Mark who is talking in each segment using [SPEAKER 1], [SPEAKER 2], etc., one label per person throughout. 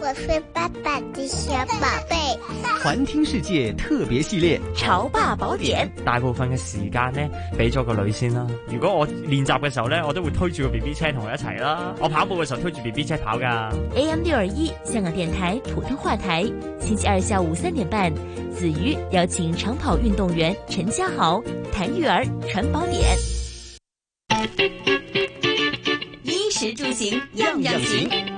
[SPEAKER 1] 我是爸爸的小寶貝。
[SPEAKER 2] 環聽世界特別系列《潮
[SPEAKER 1] 爸寶
[SPEAKER 3] 典》，
[SPEAKER 2] 大部分嘅時間呢，俾咗個女先啦、啊。如果我練習嘅時候呢，我都會推住個 B B 車同佢一齊啦、啊。我跑步嘅時候推住 B B 車跑噶。
[SPEAKER 3] A M 六二一，香港電台普通話台，星期二下午三點半，子瑜邀請長跑運動員陳家豪、譚玉兒傳寶典。
[SPEAKER 1] 衣食住行，樣樣行。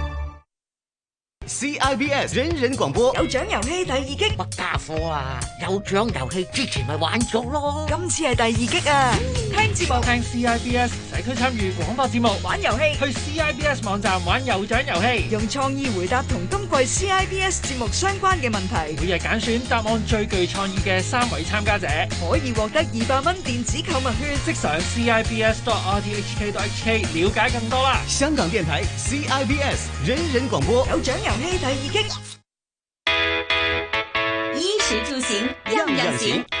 [SPEAKER 4] IBS，人人廣播有
[SPEAKER 5] 獎遊戲第二擊，乜傢伙啊？有獎遊戲之前咪玩咗咯，今次
[SPEAKER 6] 係第二擊啊！聽節目，聽 CIBS 社區參與廣播節目，玩遊戲，去 CIBS 網站玩有獎遊戲，用創意回答同今季 CIBS 節目相關嘅問題，每日揀選答案最具創意嘅三位參加者，可以獲得二百蚊電子購物券，即上 CIBS dot RTHK dot HK 了解更多啦！
[SPEAKER 4] 香港電台 CIBS 人人廣播，有獎遊戲第二擊，衣
[SPEAKER 1] 食住行樣樣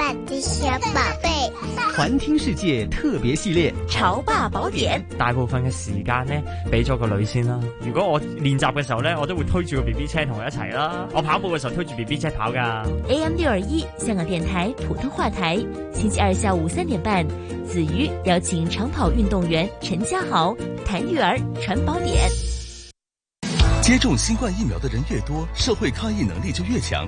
[SPEAKER 1] 小寶貝，
[SPEAKER 2] 環聽世界特別系列《潮
[SPEAKER 1] 爸寶典》。
[SPEAKER 2] 大部分嘅時間呢，俾咗個女先啦、啊。如果我練習嘅時候呢，我都會推住個 B B 車同佢一齊啦、啊。我跑步嘅時候推住 B B 車跑㗎。AM
[SPEAKER 3] 六二一，香港電台普通話台，星期二下午三點半，子瑜邀請長跑運動員陳家豪談育兒傳寶典。
[SPEAKER 6] 接種新冠疫苗的人越
[SPEAKER 4] 多，社會抗疫能力就越強。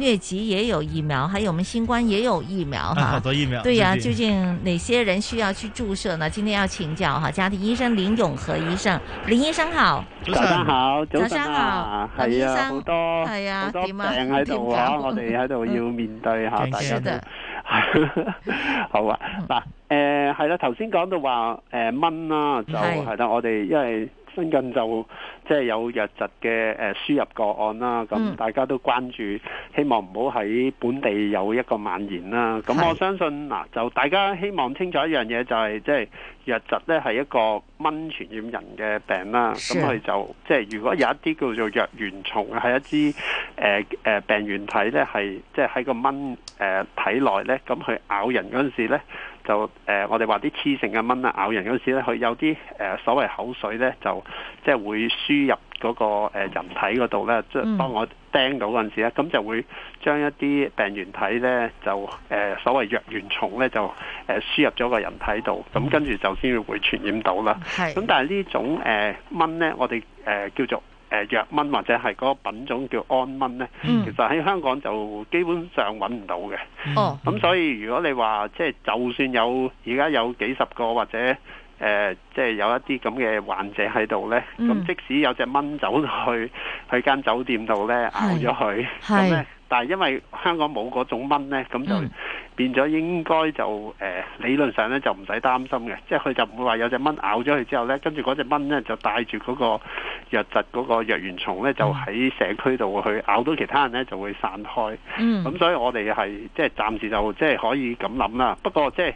[SPEAKER 7] 瘧疾也有疫苗，還有我們新冠也有疫苗，好多疫苗。對呀，究竟哪些人需要去注射呢？今天要請教哈，家庭醫生林永和醫生，林醫生好。早上好，
[SPEAKER 8] 早上好，林醫生好多，係啊，好啊，喺度我哋喺度要面對下大家。好啊，嗱，誒，係啦，頭先講到話，誒，蚊啦，就係啦，我哋因為。新近就即係有瘧疾嘅誒輸入個案啦，咁、嗯、大家都關注，希望唔好喺本地有一個蔓延啦。咁是我相信嗱，就大家希望清楚一樣嘢、就是，就係即係瘧疾咧係一個蚊傳染人嘅病啦。咁佢是就即係、就是、如果有一啲叫做瘧原蟲，係一支誒、呃、病原體咧，係即係喺個蚊誒體內咧，咁佢咬人嗰陣時咧。就誒、呃，我哋話啲雌性嘅蚊啊咬人嗰陣時咧，佢有啲誒、呃、所謂口水咧，就即係會輸入嗰個人體嗰度咧。即係、嗯、當我釘到嗰陣時咧，咁就會將一啲病原體咧，就誒、呃、所謂瘧原蟲咧，就誒輸入咗個人體度。咁、嗯、跟住就先至會傳染到啦。係是。咁但係、呃、呢種誒蚊咧，我哋誒、呃、叫做。誒、呃、瘧蚊或者係嗰個品種叫按蚊呢，嗯、其實喺香港就基本上揾唔到嘅。咁、哦、所以如果你話即係就算有而家有幾十個或者即係、呃即係、有一啲咁嘅患者喺度呢，咁、嗯、即使有隻蚊走去喺間酒店度呢，咬咗佢，咁呢？但係因為香港冇嗰種蚊咧，咁就變咗應該就誒、呃、理論上咧就唔使擔心嘅，即係佢就唔會話有隻蚊咬咗佢之後咧，跟住嗰隻蚊咧就帶住嗰個瘧疾嗰個瘧原蟲咧，就喺社區度去咬到其他人咧就會散開。嗯，咁所以我哋係即係暫時就即係可以咁諗啦。不過即係。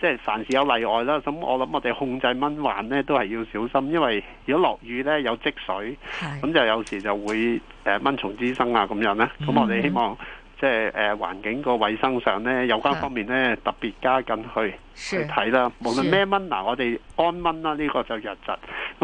[SPEAKER 8] 即係凡事有例外啦，咁我諗我哋控制蚊患咧都係要小心，因為如果落雨咧有積水，咁就有時就會誒蚊蟲滋生啊咁樣咧，咁我哋希望。即係誒、呃、環境個衛生上咧，有關方面咧是特別加緊去是去睇啦。無論咩蚊嗱，是我哋安蚊啦，呢、這個就瘧疾。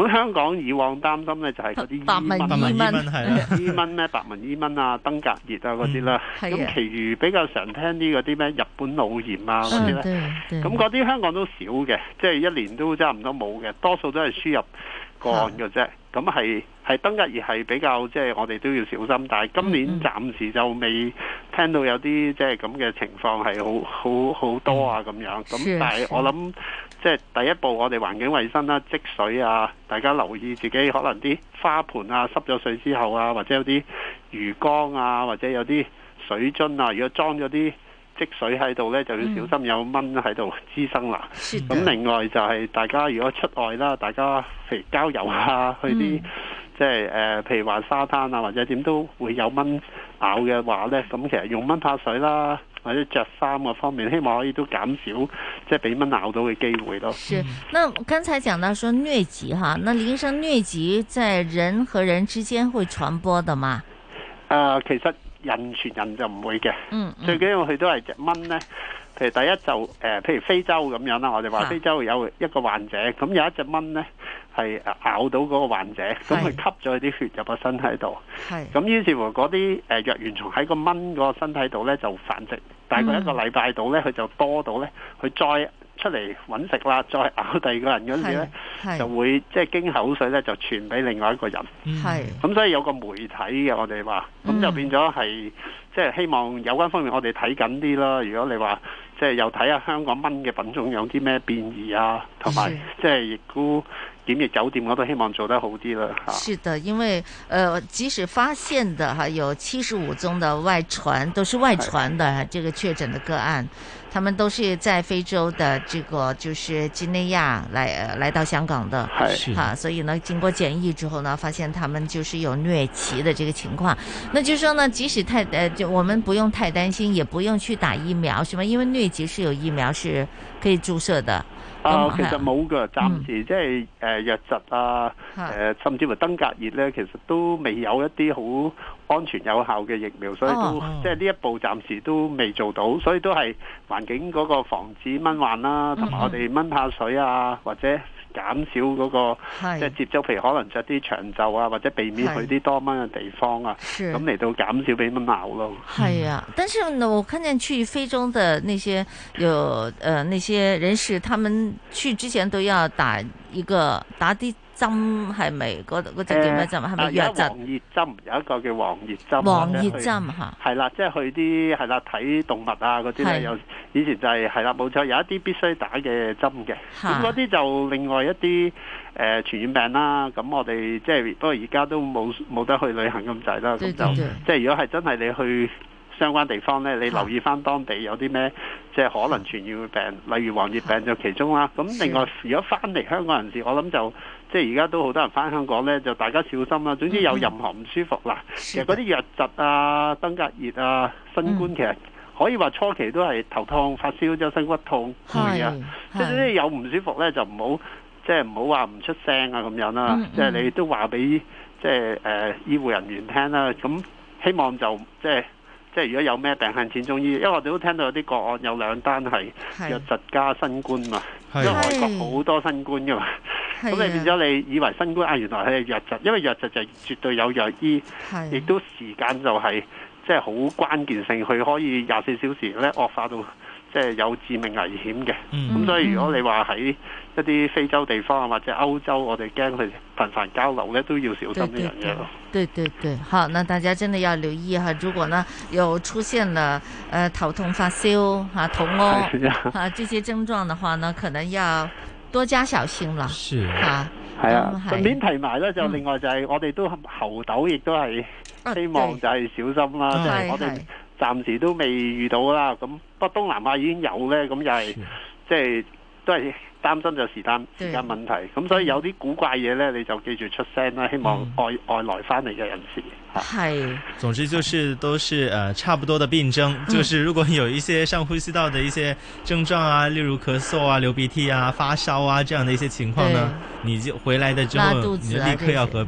[SPEAKER 8] 咁香港以往擔心咧就係嗰啲伊蚊、伊蚊係蚊咧、白紋伊蚊啊、登革熱啊嗰啲啦。咁其餘比較常聽啲嗰啲咩日本腦炎啊嗰啲咧。咁嗰啲香港都少嘅，即係一年都差唔多冇嘅，多數都係輸入個案嘅啫。咁係。係登革熱係比較即係、就是、我哋都要小心，但係今年暫時就未聽到有啲即係咁嘅情況係好好好多啊咁樣。咁但係我諗即係第一步，我哋環境衛生啦、啊，積水啊，大家留意自己可能啲花盆啊濕咗水之後啊，或者有啲魚缸啊，或者有啲水樽啊，如果裝咗啲積水喺度呢，就要小心有蚊喺度滋生啦、啊。咁的另外就係大家如果出外啦，大家譬如郊遊啊，去啲。嗯即係誒，譬如話沙灘啊，或者點都會有蚊咬嘅話咧，咁其實用蚊怕水啦，或者着衫嘅方面，希望可以都減少即係俾蚊咬到嘅機會咯。是，
[SPEAKER 7] 那剛才講到說瘧疾哈，那林醫生，瘧疾在人和人之間會傳播的嗎？
[SPEAKER 8] 誒、呃，其實人傳人就唔會嘅、嗯。嗯。最緊要佢都係隻蚊咧。譬如第一就誒，譬、呃、如非洲咁樣啦，我哋話非洲有一個患者，咁、啊、有一隻蚊咧。係咬到嗰個患者，咁佢是吸咗啲血入個身體度，咁是於是乎嗰啲誒瘧原蟲喺個蚊個身體度咧，就繁殖。大概一個禮拜度咧，佢、嗯、就多到咧，佢再出嚟揾食啦，再咬第二個人嗰陣時咧，就會即係經口水咧，就傳俾另外一個人。係咁是，所以有個媒體嘅，我哋話，咁就變咗係即係希望有關方面我哋睇緊啲啦。如果你話即係又睇下香港蚊嘅品種有啲咩變異啊，同埋即係亦都。檢疫酒店我都希望做得好啲啦。是
[SPEAKER 7] 的，因為，呃，即使發現的哈有七十五宗的外傳，都是外傳的，的這個確診的個案，他們都是在非洲的這個就是幾內亞來來到香港的，哈的、啊，所以呢，經過檢疫之後呢，發現他們就是有瘧疾的這個情況。那就是說呢，即使太，呃、就我們不用太擔心，也不用去打疫苗，是嗎？因為瘧疾是有疫苗是可以注射的。
[SPEAKER 8] 其實冇㗎，暫時即係瘧疾啊，嗯、甚至乎登革熱咧，其實都未有一啲好安全有效嘅疫苗，所以都、嗯、即係呢一步暫時都未做到，所以都係環境嗰個防止蚊患啦、啊，同埋我哋蚊怕水啊或者。減少嗰，那個，是即係接觸，譬如可能着啲長袖啊，或者避免去啲多蚊嘅地方啊，咁嚟是到減少俾蚊咬咯。係
[SPEAKER 7] 啊，但是我見去非洲的那些有呃那些人士，他們去之前都要打一個打啲。針係咪嗰，嗰隻叫咩針？
[SPEAKER 8] 係咪藥針？黃熱針，有一個叫黃熱針。黃熱針吓，係啦，即係去啲係啦，睇動物啊嗰啲咧，有以前就係，係啦，冇錯，有一啲必須打嘅針嘅。咁嗰啲就另外一啲誒傳染病啦。咁我哋即係不過而家都冇冇得去旅行咁滯啦。咁就，即係如果係真係你去相關地方咧，你留意翻當地有啲咩即係可能傳染嘅病，例如黃熱病就其中啦。咁另外如果翻嚟香港人士，我諗就。即係而家都好多人返香港呢，就大家小心啦、啊。總之有任何唔舒服嗱、啊，mm hmm. 其實嗰啲瘧疾啊、登革熱啊、新冠，其實可以話初期都係頭痛、發燒、周身骨痛，係、mm hmm. 啊。即係、啊啊、有唔舒服呢，就唔好即係唔好話唔出聲啊咁樣啦、啊。即係、mm hmm. 你都話俾即係醫護人員聽啦、啊。咁希望就即係。就是即係如果有咩病肯請中醫，因為我哋都聽到有啲個案有兩單係瘧疾加新冠嘛，
[SPEAKER 9] 是因為外國
[SPEAKER 8] 好多新冠噶嘛，咁你是 變咗你以為新冠啊，原來係瘧疾，因為瘧疾就絕對有藥醫，亦是都時間就係、是、即係好關鍵性，佢可以廿四小時咧惡化到。即係有致命危險嘅，咁所以如果你話喺一啲非洲地方啊，或者歐洲，我哋驚佢頻繁交流咧，都要小心呢樣嘢
[SPEAKER 7] 囉。對對對，好，那大家真係要留意吓，如果呢有出現了，呃，頭痛發燒，吓，肚屙，啊，呢啲症狀嘅話呢，可能要多加小心啦。
[SPEAKER 2] 是，好，
[SPEAKER 8] 係啊。順便提埋咧，就另外就係我哋都猴痘亦都係希望就係小心啦，即係我哋。暫時都未遇到啦，咁不過東南亞已經有呢，咁又係即係都係擔心就時間時間問題，咁對、嗯、所以有啲古怪嘢呢，你就記住出聲啦，希望外、嗯、外來翻嚟嘅人士
[SPEAKER 2] 嚇。是啊、總之就是都是、呃、差不多的病徵，是就是如果有一些上呼吸道的一些症狀啊，例如咳嗽啊、流鼻涕啊、發燒啊，這樣的一些情況呢，對你就回來的之後，啊、你就立刻要和。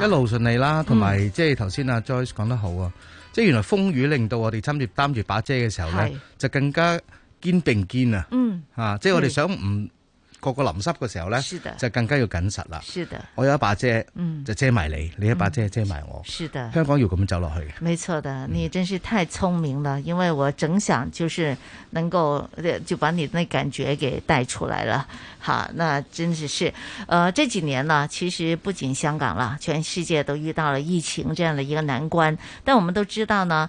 [SPEAKER 10] 一路順利啦，同埋即係頭先阿 Joyce 講得好啊，即係、嗯、原來風雨令到我哋擔住擔住把遮嘅時候咧，是就更加肩並肩、嗯、啊！是即係我哋想唔～個個淋濕嘅時候呢，是的，就更加要緊實啦。是的，我有一把遮，就遮埋你；嗯、你一把遮遮埋我。是的，香港要咁樣走落去。
[SPEAKER 7] 沒錯的，嗯、你真是太聰明了，因為我整想就是能夠就把你那感覺給帶出來了。好，那真是是，呃，這幾年呢，其實不僅香港啦，全世界都遇到了疫情這樣的一個難關。但我們都知道呢。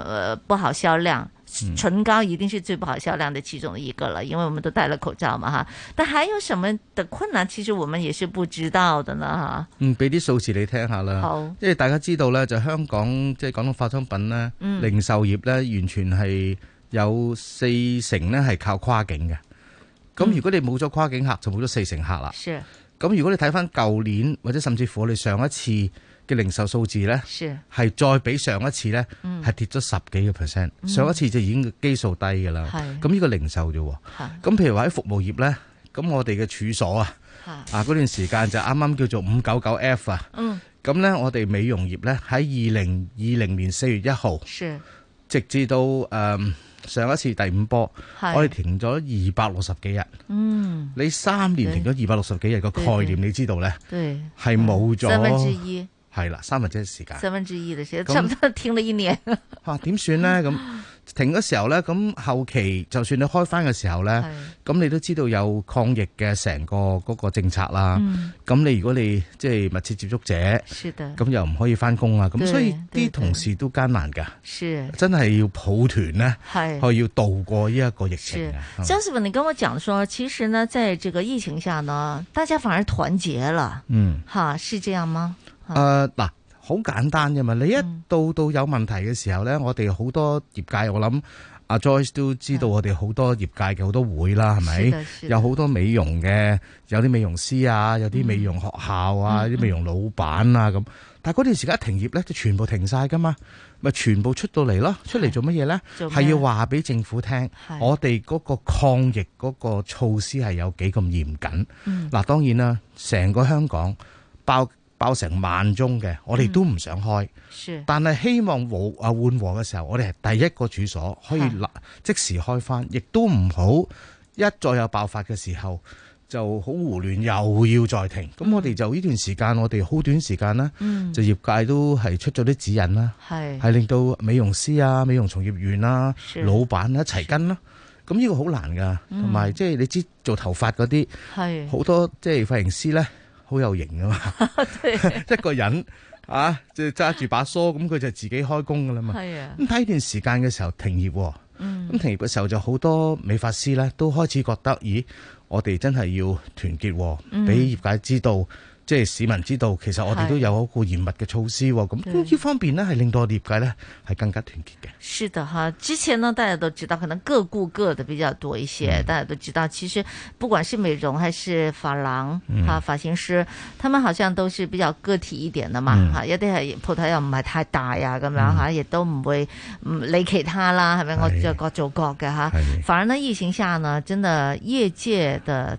[SPEAKER 7] 呃，不好銷量，唇膏一定是最不好銷量的其中一個了，嗯、因為我們都戴了口罩嘛，但還有什麼的困難？其實我們也是不知道的啦，
[SPEAKER 10] 哈。嗯，俾啲數字你聽下啦。好、哦，因為大家知道呢，就香港即係講到化妝品呢，零售業呢，完全係有四成呢係靠跨境嘅。咁、嗯、如果你冇咗跨境客，就冇咗四成客啦。是。咁如果你睇返舊年，或者甚至乎我哋上一次。嘅零售數字咧，係再比上一次咧，係跌咗十幾個 percent。上一次就已經基數低噶啦，咁呢個零售啫。咁譬如話喺服務業咧，咁我哋嘅處所啊，啊嗰段時間就啱啱叫做五九九 F 啊。咁咧，我哋美容業咧，喺二零二零年四月一號，直至到誒上一次第五波，我哋停咗二百六十幾日。你三年停咗二百六十幾日個概念，你知道咧？係冇咗三分之一。係啦，三分之一時間。
[SPEAKER 7] 三分之一的時間，差唔多停了一年。
[SPEAKER 10] 哇，點算呢？咁停嗰時候咧，咁後期就算你開翻嘅時候咧，咁你都知道有抗疫嘅成個個政策啦。咁你如果你即係密切接觸者，是咁又唔可以翻工啊。咁所以啲同事都艱難噶，是真係要抱團呢，係去要度過呢一個疫情。Johnson
[SPEAKER 7] 你跟我講說，其實呢，在這個疫情下呢，大家反而團結了。嗯，哈，是這樣嗎？誒，
[SPEAKER 10] 嗱、呃，好簡單啫嘛，你一到到有問題嘅時候咧，嗯、我哋好多業界，我諗阿 Joyce 都知道，我哋好多業界嘅好多會啦，係咪的？吧有好多美容嘅，有啲美容師啊，有啲美容學校啊，啲、嗯、美容老闆啊咁。嗯嗯、但係嗰段時間一停業咧，就全部停晒噶嘛，咪全部出到嚟咯，出嚟做乜嘢咧？係要話俾政府聽，的我哋嗰個抗疫嗰個措施係有幾咁嚴謹。嗱、嗯，當然啦，成個香港包。爆成萬宗嘅，我哋都唔想開，嗯、但係希望換和啊緩和嘅時候，我哋係第一個處所可以立即時開返，亦都唔好一再有爆發嘅時候就好胡亂又要再停。咁我哋就呢段時間，我哋好短時間啦，嗯、就業界都係出咗啲指引啦，係是令到美容師啊、美容從業員啊是老闆一齊跟啦。咁呢是個好難噶，同埋即係你知做頭髮嗰啲，
[SPEAKER 7] 係
[SPEAKER 11] 好
[SPEAKER 10] 是多即係髮型師呢。好有型噶嘛， 對 一個人啊，就揸住把梳咁，佢就自己開工噶啦嘛。咁睇呢段時間嘅時候停業，咁、嗯、停業嘅時候就好多美髮師咧都開始覺得，咦，我哋真係要團結，俾業界知道。嗯即係市民知道，其實我哋都有一個嚴密嘅措施，咁呢的方面呢，係令到我哋業界呢係更加團結嘅。
[SPEAKER 7] 是的哈，之前呢，大家都知道可能各顧各的比較多一些。嗯、大家都知道，其實不管是美容還是髮廊啊、髮、嗯、型師，他們好像都是比較個體一點的嘛，吓一啲係鋪頭又唔係太大啊，咁樣吓亦都唔會唔理其他啦，係咪的？的我就各做各嘅吓。反而呢，疫情下呢，真的業界的。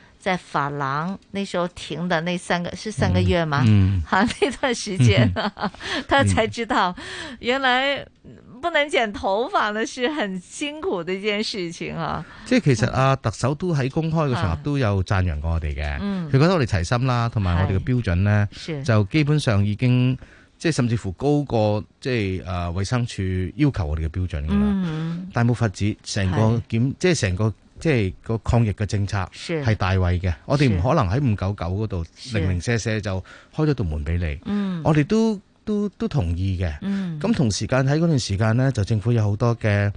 [SPEAKER 7] 在法廊那時候停的那三個、嗯、是三個月嗎？嗯，好、啊，那段時間、啊，嗯、他才知道原來不能剪頭髮呢，是很辛苦的一件事情啊。
[SPEAKER 10] 即係其實、啊嗯、特首都喺公開嘅場合都有讚揚過我哋嘅，佢、嗯、覺得我哋齊心啦，同埋我哋嘅標準呢，是就基本上已經即係甚至乎高過即係、呃、誒衛生署要求我哋嘅標準、嗯、但係冇法子，成個檢即係成個。是即係個抗疫嘅政策係大圍嘅，是我哋唔可能喺五九九嗰度零零舍舍就開咗道門俾你。我哋都都都同意嘅。咁、嗯、同時間喺嗰段時間咧，就政府有好多嘅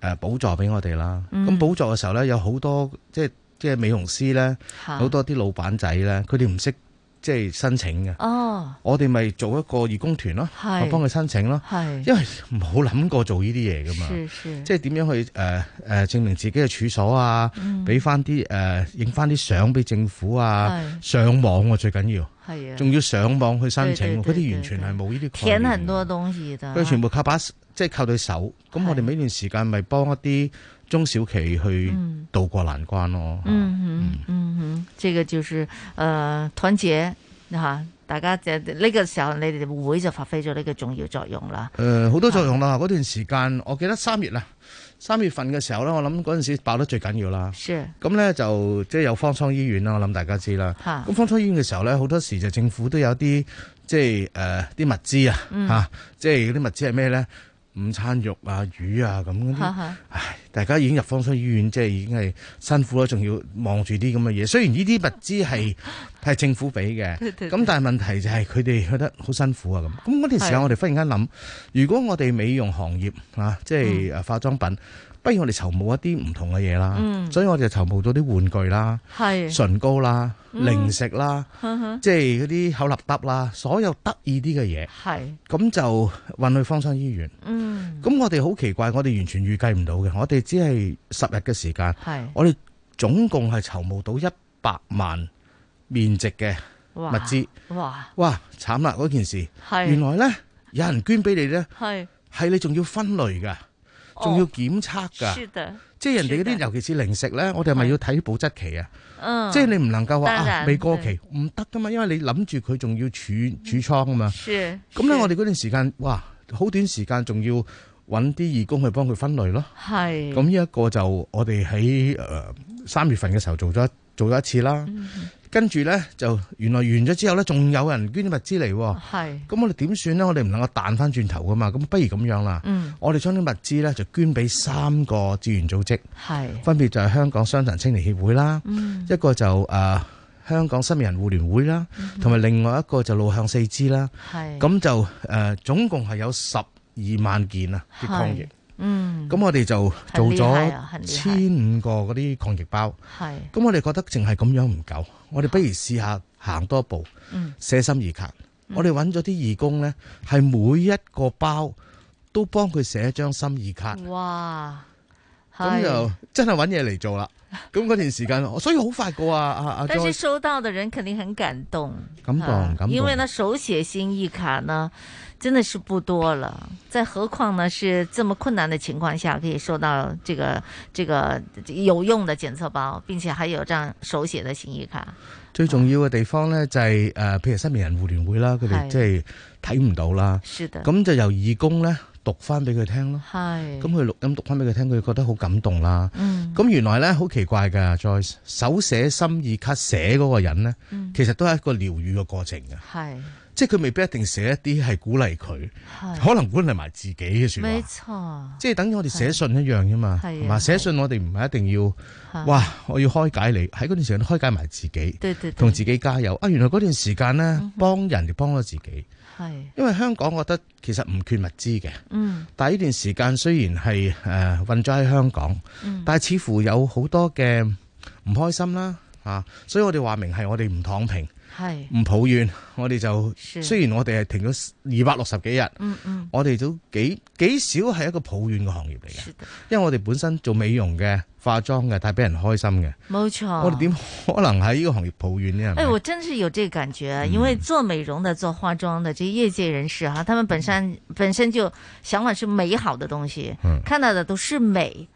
[SPEAKER 10] 誒補助俾我哋啦。咁補、嗯、助嘅時候咧，有好多即係即係美容師咧，好多啲老闆仔咧，佢哋唔識。即係申請嘅，我哋咪做一個義工團咯，咪幫佢申請咯，因為冇諗過做呢啲嘢噶嘛，即係點樣去誒誒證明自己嘅處所啊，俾翻啲誒影翻啲相俾政府啊，上網啊，最緊要，仲要上網去申請，嗰啲完全係冇呢啲概念。填很
[SPEAKER 7] 多東西嘅，佢全
[SPEAKER 10] 部靠把即係靠對手，咁我哋每段時間咪幫一啲。中小企去渡過難關咯。嗯嗯嗯,
[SPEAKER 7] 嗯這個就是誒、呃、團結吓，大家就呢、呢個時候你哋會就發揮咗呢個重要作用啦。
[SPEAKER 10] 誒、呃，好多作用啦，嗰、啊、段時間，我記得三月啊，三月份嘅時候咧，我諗嗰陣時爆得最緊要啦。咁咧是就即係有方艙醫院啦，我諗大家知啦。吓、啊。咁方艙醫院嘅時候咧，好多時就政府都有啲即係誒啲物資啊，吓、嗯，即係啲物資係咩咧？午餐肉啊、魚啊咁嗰啲，唉，大家已經入方艙醫院，即係已經係辛苦啦，仲要望住啲咁嘅嘢。雖然呢啲物資係係政府俾嘅，咁 但係問題就係佢哋覺得好辛苦啊咁。咁嗰段時間，我哋忽然間諗，的如果我哋美容行業啊，即係化妝品，嗯、不如我哋籌募一啲唔同嘅嘢啦。嗯、所以我哋就籌募咗啲玩具啦、
[SPEAKER 11] 的唇
[SPEAKER 10] 膏啦。零食啦，即係嗰啲口立濕啦，所有得意啲嘅嘢，咁就運去方山醫院。咁我哋好奇怪，我哋完全預計唔到嘅，我哋只係十日嘅時間，我哋總共係籌募到一百萬面值嘅
[SPEAKER 11] 物資。哇！
[SPEAKER 10] 哇慘啦嗰件事，原來咧有人捐俾你咧，係你仲要分類噶，
[SPEAKER 11] 仲要
[SPEAKER 10] 檢測噶，即係人哋嗰啲，尤其是零食咧，我哋係咪要睇保質期啊？嗯、即係你唔能夠話然啊未過期唔得噶嘛，因為你諗住佢仲要儲儲倉啊嘛。咁咧、嗯，我哋嗰段時間哇，好短時間仲要搵啲義工去幫佢分類咯。
[SPEAKER 11] 咁
[SPEAKER 10] 呢一個就我哋喺誒三月份嘅時候做咗做咗一次啦。嗯跟住呢，就原來完咗之後呢，仲有人捐啲物資嚟喎。咁是、嗯、我哋點算呢？我哋唔能夠彈翻轉頭噶嘛。咁不如咁樣啦。嗯，我哋將啲物資呢，就捐俾三個志願組織。是分別就係香港傷殘青年協會啦，嗯、一個就誒、呃、香港失明人互聯會啦，同埋、嗯、哼另外一個就路向四肢啦。係是，咁就誒、呃、總共係有十二萬件啊啲抗疫。嗯，咁我哋就做咗千五個嗰啲抗疫包，係、啊，咁我哋覺得淨係咁樣唔夠，的我哋不如試下行多一步，嗯的，寫心意卡，嗯、我哋揾咗啲義工咧，係每一個包都幫佢寫一張心意卡，
[SPEAKER 12] 哇，咁就
[SPEAKER 10] 真係揾嘢嚟做啦，咁嗰段時間， 所以好快過啊，啊但係
[SPEAKER 7] 收到嘅人肯定很感動，啊、感
[SPEAKER 10] 動，因為
[SPEAKER 7] 呢手寫心意卡呢。真的是不多了，在何況呢？是這麼困難的情況下，可以收到這個這個有用的檢測包，並且還有張手寫的心意卡。
[SPEAKER 10] 最重要嘅地方呢就係、是、譬、呃、如失明人互聯會啦，佢哋即係睇唔到啦。是的。咁就由義工呢讀翻俾佢聽咯。
[SPEAKER 13] 咁
[SPEAKER 10] 佢錄音讀翻俾佢聽，佢覺得好感動啦。咁、嗯、原來呢好奇怪嘅，再手寫心意卡寫嗰個人呢其實都係一個療癒嘅過程嘅。係。即係佢未必一定寫一啲係鼓勵佢，是可能鼓勵埋自己嘅說話。冇錯錯，即係等於我哋寫信一樣啫嘛，係嘛，寫、啊、信我哋唔係一定要，啊、哇！我要開解你，喺嗰段時間開解埋自己，同自己加油。啊，原來嗰段時間咧幫人哋，幫咗自己。
[SPEAKER 11] 係是，因為
[SPEAKER 10] 香港我覺得其實唔缺物資嘅，嗯，但係呢段時間雖然係誒運咗喺香港，嗯，但係似乎有好多嘅唔開心啦，啊，所以我哋話明係我哋唔躺平。係唔唉抱怨，我哋就是雖然我哋係停咗二百六十幾日，嗯嗯、我哋都幾幾少係一個抱怨嘅行業嚟嘅，的因為我哋本身做美容嘅、化妝嘅，太俾人開心嘅，
[SPEAKER 7] 冇錯錯。我哋點
[SPEAKER 10] 可能喺呢個行業抱怨呢？誒，我
[SPEAKER 7] 真是有這個感覺，嗯、因為做美容的、做化妝的，這些業界人士哈，他們本身本身就想法是美好的東西，嗯、看到的都是美。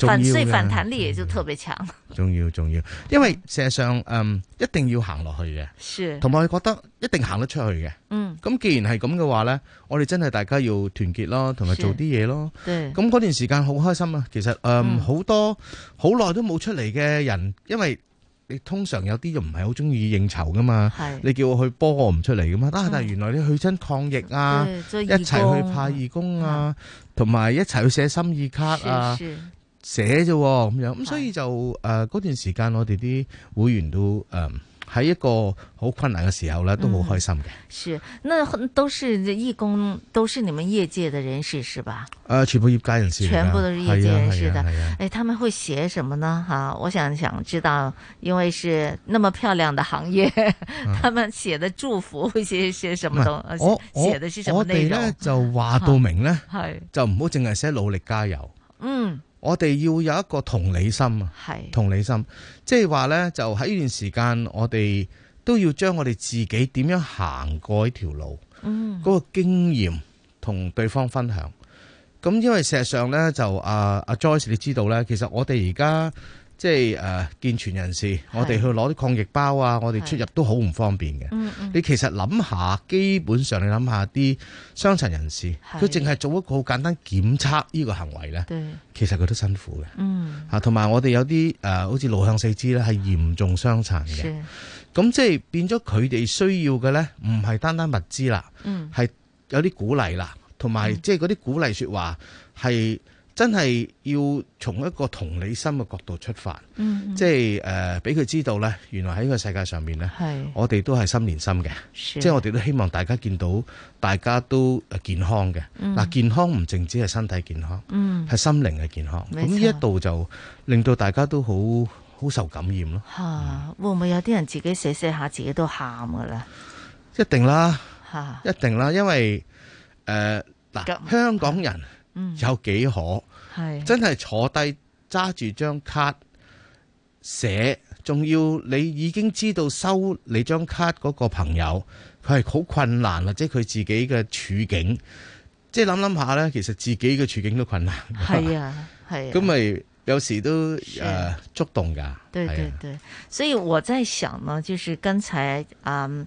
[SPEAKER 7] 反衰反彈力也就特別強，
[SPEAKER 10] 重要重要，因為事實上誒一定要行落去嘅，是同埋佢覺得一定行得出去嘅，嗯，咁既然係咁嘅話呢，我哋真係大家要團結咯，同埋做啲嘢咯，嗯，咁嗰段時間好開心啊，其實誒好多好耐都冇出嚟嘅人，因為你通常有啲又唔係好中意應酬噶嘛，係，你叫我去波我唔出嚟噶嘛，啊，但係原來你去親抗疫啊，一齊去派義工啊，同埋一齊去寫心意卡啊。寫啫咁樣，咁所以就誒、呃、段時間，我哋啲會員都誒喺、呃、一個好困難嘅時候咧，都好開心嘅、
[SPEAKER 7] 嗯。是，那都係義工，都是你們業界的人士，是吧？
[SPEAKER 10] 誒、呃，全部業界人士，全部都是業界人士的。啊啊
[SPEAKER 7] 啊啊、誒，他們會寫什麼呢？哈、啊，我想想知道，因為是那麼漂亮的行業，嗯、他們寫的祝福，寫寫什麼東西？嗯、我寫啲些什麼內容？我我我哋就
[SPEAKER 10] 話到明咧，啊、就唔好淨係寫努力加油。嗯。我哋要有一個同理心啊，是同理心，即係話呢，就喺呢段時間，我哋都要將我哋自己點樣行過呢條路，嗰、嗯、個經驗同對方分享。咁因為事實上呢，就阿阿、啊啊、Joyce 你知道呢，其實我哋而家。即係誒、呃、健全人士，是我哋去攞啲抗疫包啊！我哋出入都好唔方便嘅。是你其實諗下，基本上你諗下啲傷殘人士，佢淨係做一個好簡單檢測呢個行為呢，對其實佢都辛苦
[SPEAKER 11] 嘅。
[SPEAKER 10] 嗯，同埋、啊、我哋有啲誒、呃，好似路向四肢呢，係嚴重傷殘嘅。咁是即係變咗佢哋需要嘅呢，唔係單單物資啦，係、嗯、有啲鼓勵啦，同埋即係嗰啲鼓勵說話係。真係要從一個同理心嘅角度出發，即係誒俾佢知道呢，原來喺呢個世界上面呢，我哋都係心連心嘅，即係我哋都希望大家見到大家都健康嘅。嗱，健康唔淨止係身體健康，係心靈嘅健康。咁呢一度就令到大家都好好受感染咯。
[SPEAKER 7] 嚇，會唔會有啲人自己寫寫下自
[SPEAKER 10] 己都喊㗎啦？一定啦，一定啦，因為誒嗱香港人。嗯、有幾可？係是真係坐低揸住張卡寫，仲要你已經知道收你張卡嗰個朋友，佢係好困難或者佢自己嘅處境，即係諗諗下咧，其實自己嘅處境都困難。
[SPEAKER 7] 係啊，係、啊。咁
[SPEAKER 10] 咪有時都誒是、啊、觸動㗎。對對
[SPEAKER 7] 對，啊、所以我在想呢，就是剛才啊。嗯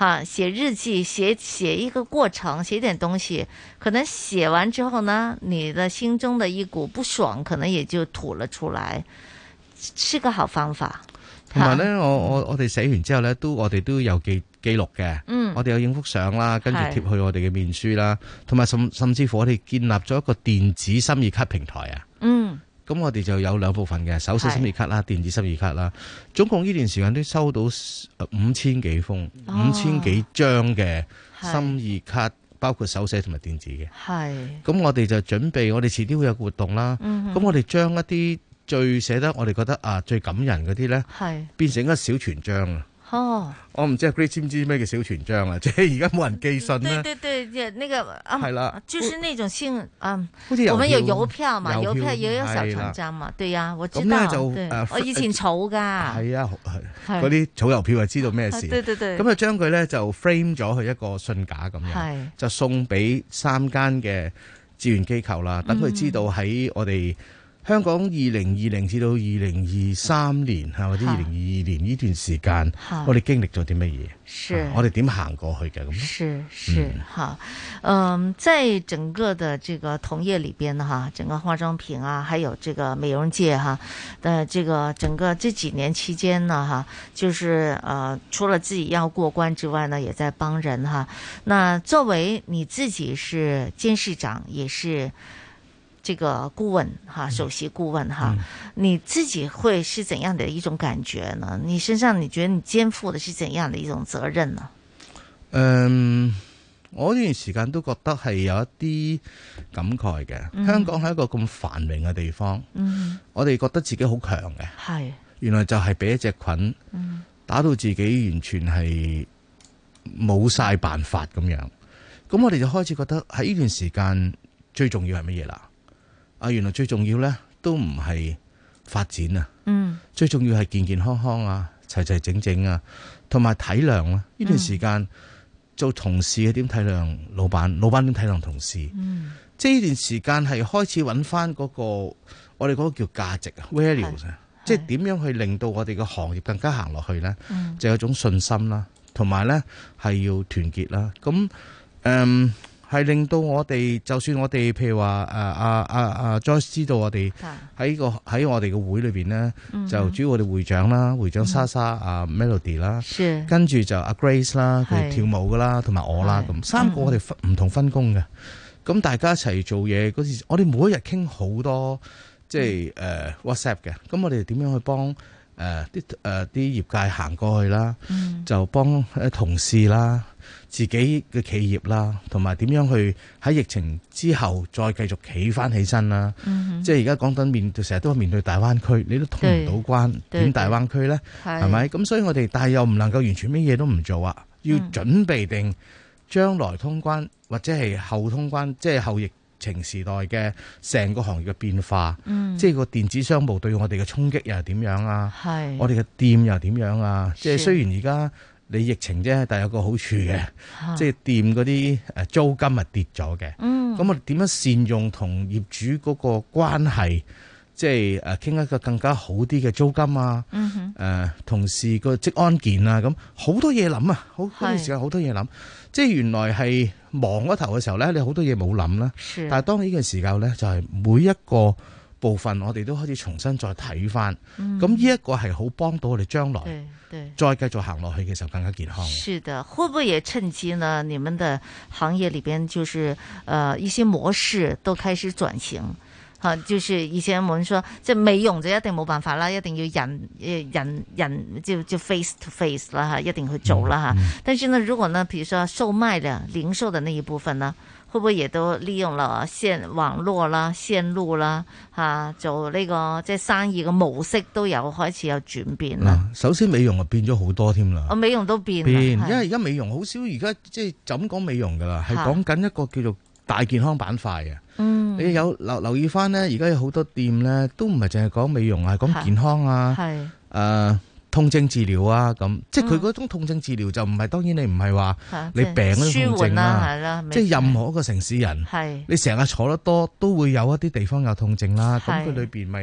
[SPEAKER 7] 啊、寫日記，寫寫一個過程，寫點東西，可能寫完之後呢，你的心中的一股不爽，可能也就吐了出來，是個好方法。
[SPEAKER 10] 同埋呢，啊、我我我哋寫完之後呢，都我哋都有記記錄嘅，嗯，我哋有影幅相啦，跟住貼去我哋嘅面書啦，同埋是甚甚至乎我哋建立咗一個電子心意卡平台啊，嗯。咁我哋就有兩部分嘅手寫心意卡啦，是電子心意卡啦，總共呢段時間都收到五千幾封、哦、五千幾張嘅心意卡，是包括手寫同埋電子嘅。
[SPEAKER 11] 係
[SPEAKER 10] 是，咁我哋就準備，我哋遲啲會有活動啦。咁、嗯、哼我哋將一啲最寫得我哋覺得啊最感人嗰啲咧，係是變成一個小傳章啊。哦，我唔知阿 Grace 知唔知咩叫小傳章啊？即係而家冇人寄信啦。對
[SPEAKER 7] 對對，那個係啦，就是那種信，嗯，我們有郵票嘛，郵票有小傳章嘛，對呀，我知道。就我以前儲噶。係啊，嗰啲
[SPEAKER 10] 儲郵票啊，知道咩事？對對對。咁啊，將佢咧就 frame 咗佢一個信架咁樣，就送俾三間嘅志願機構啦。等佢知道喺我哋。香港二零二零至到二零二三年，吓好或者二零二二年呢段時間，好我哋經歷咗啲乜嘢？是我哋點行過去嘅咁樣？是
[SPEAKER 7] 是哈，嗯好、呃，在整個的這個同業裏邊呢，哈，整個化妝品啊，還有這個美容界哈，的這個整個這幾年期間呢，哈，就是，呃，除了自己要過關之外呢，也在幫人哈。那作為你自己是監事長，也是。呢個顧問吓、啊、首席顧問哈，啊嗯、你自己會是怎樣的一種感覺呢？你身上你覺得你肩負的是怎樣的一種
[SPEAKER 10] 責任呢？嗯，我呢段時間都覺得係有一啲感慨嘅。嗯、哼香港係一個咁繁榮嘅地方，嗯、哼我哋覺得自己好強嘅，係、嗯、哼原來就係俾一隻菌，嗯、哼打到自己完全係冇晒辦法咁樣。咁我哋就開始覺得喺呢段時間最重要係乜嘢啦？啊，原來最重要咧都唔係發展啊，嗯、最重要係健健康康啊、齊齊整整啊，同埋體諒啊。呢段時間、嗯、做同事係點體諒老闆，老闆點體諒同事？嗯，即係呢段時間係開始揾翻嗰個我哋嗰個叫價值啊 value 啊，即係點樣去令到我哋嘅行業更加行落去咧？嗯、就有一種信心啦，同埋咧係要團結啦。咁誒。嗯係令到我哋，就算我哋譬如話誒阿阿 Joyce 知道我哋喺個喺我哋嘅會裏邊咧，嗯、就主要我哋會長啦，會長莎莎阿、嗯啊、Melody 啦，是跟住就阿、啊、Grace 啦，佢是跳舞噶啦，同埋我啦咁，三個我哋分唔、嗯、同分工嘅。咁大家一齊做嘢嗰時我，就是呃、我哋每一日傾好多即係誒 WhatsApp 嘅。咁我哋點樣去幫誒啲誒啲業界行過去啦？嗯、就幫誒同事啦。自己嘅企業啦，同埋點樣去喺疫情之後再繼續企翻起身啦？嗯、哼即係而家講緊面，成日都面對大灣區，你都通唔到關，點對大灣區咧？係咪？咁所以我哋但係又唔能夠完全咩嘢都唔做啊！要準備定將來通關、嗯、或者係後通關，即係後疫情時代嘅成個行業嘅變化。嗯、即係個電子商務對我哋嘅衝擊又係點樣啊？係是，我哋嘅店又係點樣啊？是即係雖然而家。你疫情啫，但有個好處嘅，嗯嗯、即係掂嗰啲租金係跌咗嘅。咁我點樣善用同業主嗰個關係，即係誒傾一個更加好啲嘅租金啊！嗯哼呃、同事個職安健啊，咁好多嘢諗啊！好呢是個時間好多嘢諗，即係原來係忙嗰頭嘅時候咧，你好多嘢冇諗啦。是但係當呢個時候咧，就係每一個。部分我哋都開始重新再睇翻，咁呢一個係好幫到我哋將來，再繼續行落去嘅時候更加健康。
[SPEAKER 7] 是的，會不會也趁機呢？你們的行業裏邊就是、呃，一些模式都開始轉型，就是以前我們說即係美容就一定冇辦法啦，一定要人人人就就 face to face 啦吓，一定去做啦吓。嗯、但是呢，如果呢，譬如說售賣嘅零售嘅那一部分呢？會唔會亦都利用啦？線網絡啦，線路啦，吓、啊、做呢、呢個即係生意嘅模式都有開始有轉變啦、
[SPEAKER 10] 嗯。首先美容啊變咗好多添啦、哦，
[SPEAKER 7] 美容都變，因
[SPEAKER 10] 為而家美容好少，而家即係就咁講美容噶啦，係講緊一個叫做大健康板塊嘅。嗯，你有留留意翻咧？而家有好多店咧，都唔係淨係講美容，係講健康啊，係誒。痛症治療啊，咁即係佢嗰種痛症治療就唔係、嗯、當然你唔係話
[SPEAKER 11] 你病都痛症啦、啊，是即係任
[SPEAKER 10] 何一個城市人，是你成日坐得多都會有一啲地方有痛症啦、啊。咁佢裏邊咪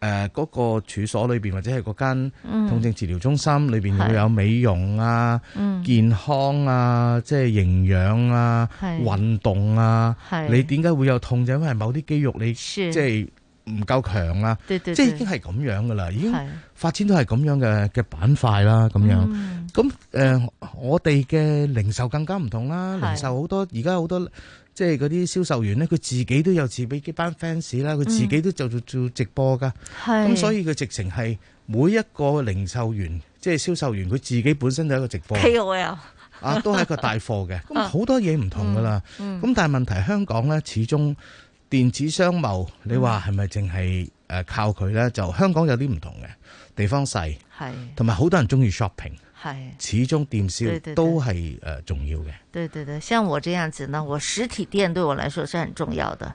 [SPEAKER 10] 誒嗰個處所裏面，或者係嗰間痛症治療中心裏面、嗯，會有美容啊、是健康啊、即係營養啊、是運動啊。是你點解會有痛症？因為某啲肌肉你即係。是唔夠強啦，對對對即係已經係咁樣噶啦，已經發展都係咁樣嘅嘅板塊啦，咁的、嗯、樣咁誒、呃，我哋嘅零售更加唔同啦，是的 零售好多而家好多即係嗰啲銷售員咧，佢自己都有自俾幾班 fans 啦，佢自己都做做做直播噶，咁、嗯、所以佢直情係每一個零售員即係銷售員，佢自己本身都係一個直播 KOL 啊，是都係一個帶貨嘅，咁好 多嘢唔同噶啦，咁、嗯、但係問題是香港咧始終。電子商貿，你話係咪淨係誒靠佢呢？就香港有啲唔同嘅地方細，係同埋好多人鍾意 shopping，係始終店銷都係誒重要嘅。
[SPEAKER 7] 對對對，像我這樣子呢，我實體店對我來說是很重要的。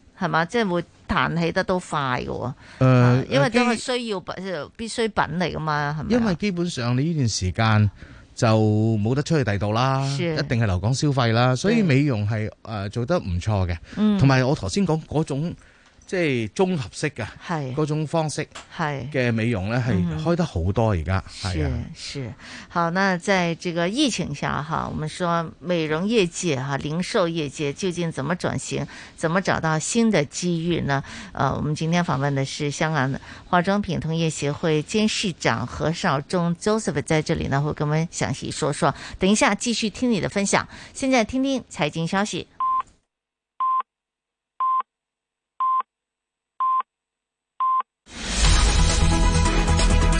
[SPEAKER 7] 係嘛，即係會彈起得都快嘅喎。呃，因為都係需要為必必需品嚟噶嘛，係
[SPEAKER 10] 咪？因為基本上你呢段時間就冇得出去第二度啦，是的一定係留港消費啦，所以美容係誒做得唔錯嘅。同埋的我頭先講嗰種。嗯即係綜合式嘅嗰是種方式嘅美容呢，係開得好多而家係啊！是,是
[SPEAKER 7] 好，那在這個疫情下哈，我們說美容業界哈，零售業界究竟怎麼轉型，怎麼找到新的機遇呢？呃，我們今天訪問嘅是香港化妝品同業協會監事長何紹忠 Joseph，在這裡呢，會跟我們詳細說說。等一下繼續聽你的分享，現在聽聽財經消息。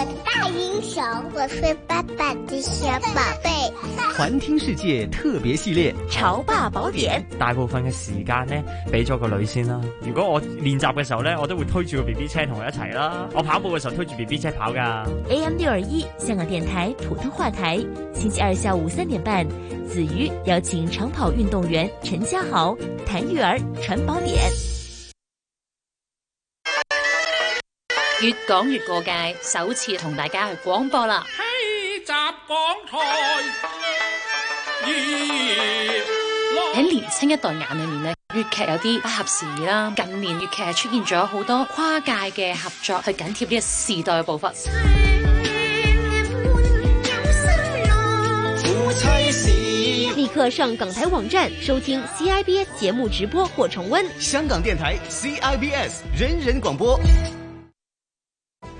[SPEAKER 1] 我的大英雄，我是爸爸的
[SPEAKER 4] 小寶貝。環聽世界特別
[SPEAKER 2] 系列《潮
[SPEAKER 1] 爸寶典》，
[SPEAKER 2] 大部分嘅時間呢，俾咗個女先啦，啊。如果我練習嘅時候咧，我都會推住個 B B 車同佢一齊啦。我跑步嘅時候推住 B B 車跑噶。
[SPEAKER 1] A
[SPEAKER 3] M 六二一，香港電台普通話台，星期二下午三點半，子瑜邀請長跑運動員陳嘉豪、譚玉兒，《傳寶典》。
[SPEAKER 5] 越講越過界，首次同大家去廣播啦！
[SPEAKER 14] 喺年
[SPEAKER 5] 輕一代眼裏面呢，粵劇有啲不合時宜啦。近年粵劇出現咗好多跨界嘅合作，去緊貼呢個時代嘅步伐。
[SPEAKER 12] 立刻
[SPEAKER 3] 上港台網站收聽 CIBS 節目直播或重溫。香港電台
[SPEAKER 4] CIBS 人人廣播。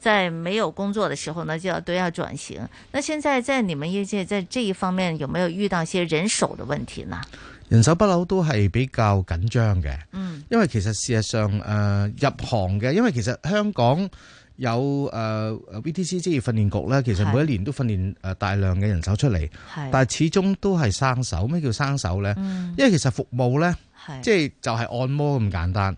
[SPEAKER 7] 在沒有工作的時候呢，呢就要都要轉型。那現在在你們業界在這一方面，有沒有遇到一些人手的問題呢？
[SPEAKER 10] 人手不嬲都係比較緊張嘅，
[SPEAKER 7] 嗯，
[SPEAKER 10] 因為其實事實上誒、呃、入行嘅，因為其實香港有誒 VTC 職業訓練局呢，其實每一年都訓練誒大量嘅人手出嚟。是但係始終都係生手。咩叫生手呢？嗯、因為其實服務呢，是即係就係按摩咁簡單。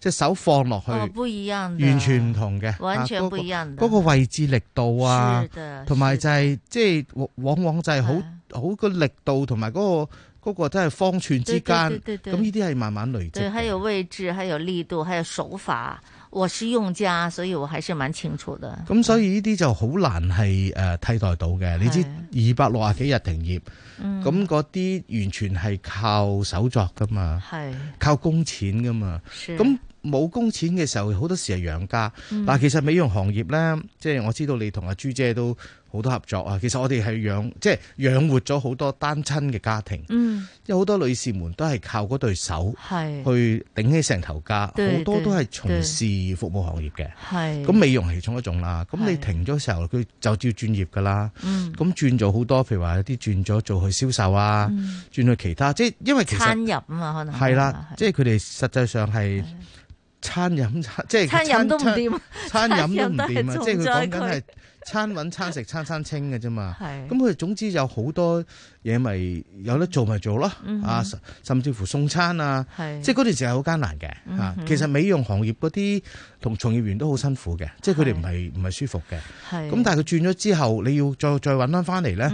[SPEAKER 10] 即係、嗯、手放落去、哦，不
[SPEAKER 7] 一樣，完
[SPEAKER 10] 全唔同嘅，完全不一樣、啊、不
[SPEAKER 7] 一樣
[SPEAKER 11] 的。嗰、啊那個、個
[SPEAKER 10] 位置、力度啊，同埋的就係即係往往就係的好好個力度、那個，同埋嗰個嗰個真係方寸之間。咁呢啲係慢慢累積。對，還
[SPEAKER 7] 有位置，還有力度，還有手法。我是用家，所以我還是蠻清楚的。
[SPEAKER 10] 咁、嗯、所以呢啲就好難係誒、呃、替代到嘅。你知是二百六十幾日停業，咁嗰啲完全係靠手作噶嘛，係是靠工錢噶嘛。咁冇是工錢嘅時候，好多時係養家。但、嗯、其實美容行業呢，即係我知道你同阿朱姐都好多合作啊！其實我哋係養，即係養活咗好多單親嘅家庭。嗯，有好多女士們都係靠嗰對手去頂起成頭家，好多都係從事服務行業嘅。
[SPEAKER 11] 咁美
[SPEAKER 10] 容其中一種啦。咁你停咗時候，佢就照要轉業噶啦。咁轉咗好多，譬如話有啲轉咗做去銷售啊，轉去其他，即係因為其實餐
[SPEAKER 7] 飲啊嘛，可能係啦，
[SPEAKER 10] 即係佢哋實際上係餐飲，即係餐飲都唔掂，餐飲都唔掂啊！即係佢講緊係。餐揾餐食，餐餐清嘅啫嘛。咁佢哋總之有好多嘢，咪有得做咪做咯。啊，甚至乎送餐啊，即係嗰段時間好艱難嘅吓。其實美容行業嗰啲同從業員都好辛苦嘅，即係佢哋唔係唔係舒服嘅。咁但係佢轉咗之後，你要再再揾翻翻嚟咧，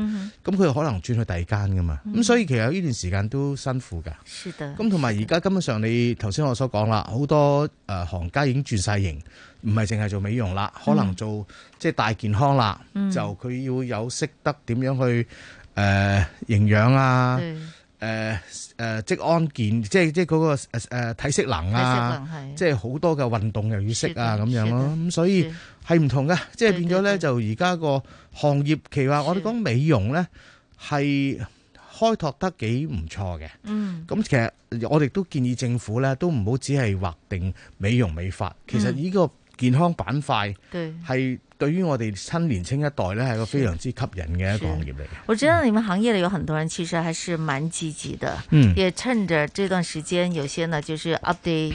[SPEAKER 10] 咁佢可能轉去第二間噶嘛。咁所以其實呢段時間都辛苦㗎。咁同埋而家根本上，你頭先我所講啦，好多誒行家已經轉晒型。唔係淨係做美容啦，可能做即係大健康啦。就佢要有識得點樣去誒營養啊，誒誒職安健，即係即係嗰個誒體適能啊，即係好多嘅運動又要識啊咁樣咯。咁所以係唔同嘅，即係變咗咧就而家個行業，其實我哋講美容咧係開拓得幾唔錯嘅。嗯，咁其實我哋都建議政府咧都唔好只係劃定美容美髮，其實呢個。健康版塊對，係對於我哋新年青一代咧，係一個非常之吸引嘅一個行業嚟。
[SPEAKER 7] 我覺得你們行業裏，有很多人其實還是蠻積極的，嗯，也趁着這段時間，有些呢就是 update。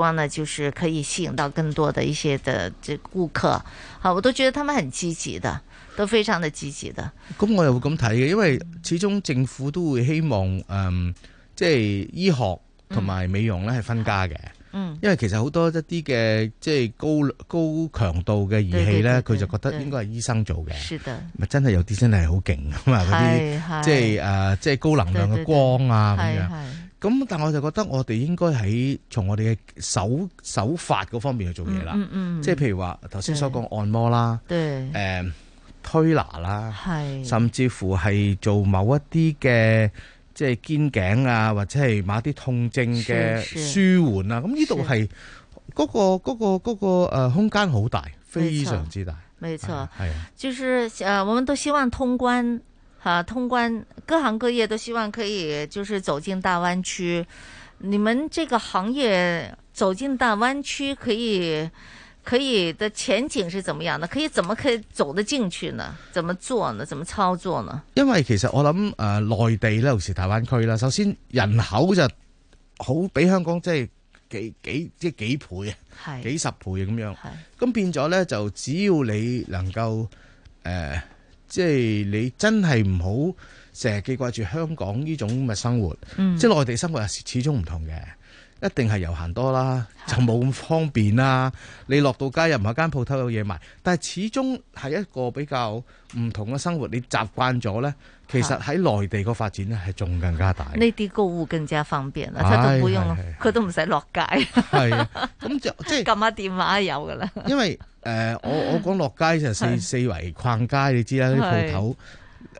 [SPEAKER 7] 光呢，就是可以吸引到更多的一些的這顧客，啊，我都覺得他們很積極的，都非常的積極的。
[SPEAKER 10] 咁我又會咁睇嘅，因為始終政府都會希望，誒、嗯，即係醫學同埋美容呢，係分家嘅。嗯，因為其實好多一啲嘅即係高高強度嘅儀器呢，佢就覺得應該係醫生做嘅。是的，咪真係有啲真係好勁啊嘛，嗰啲即係誒、呃，即係高能量嘅光啊咁樣。咁但我就覺得我哋應該喺從我哋嘅手手法嗰方面去做嘢啦，即係、嗯嗯嗯、譬如話頭先所講按摩啦，誒對、呃、推拿啦，對甚至乎係做某一啲嘅即係肩頸啊，或者係某啲痛症嘅舒緩啊，咁呢度係嗰個嗰是、嗰個嗰是、嗰個誒、嗰個嗰個嗰個、空間好大，非，非常之大，
[SPEAKER 7] 冇錯，係啊，就是誒，uh, 我們都希望通關。啊、通關，各行各業都希望可以，就是走進大灣區。你們這個行業走進大灣區，可以，可以的前景是怎麼樣的？可以怎麼可以走得進去呢？怎麼做呢？怎麼操作呢？
[SPEAKER 10] 因為其實我諗誒，內地呢，尤其是大灣區啦，首先人口就好比香港，即係幾幾即係幾倍啊，的幾十倍咁樣。咁的變咗咧，就只要你能夠誒。呃即係你真係唔好成日記掛住香港呢種咁嘅生活，嗯、即係內地生活係始終唔同嘅。一定係遊行多啦，就冇咁方便啦。你落到街又唔係間鋪頭有嘢賣，但係始終係一個比較唔同嘅生活，你習慣咗咧，其實喺內地個發展咧係仲更加大。
[SPEAKER 7] 呢啲、啊、高屋更加方便啦，佢、哎、都唔用，佢的都唔使落街。係的，咁 就即係撳下電話有噶啦。
[SPEAKER 10] 因為誒、呃，我我講落街就四的四圍逛街，你知啦啲鋪頭。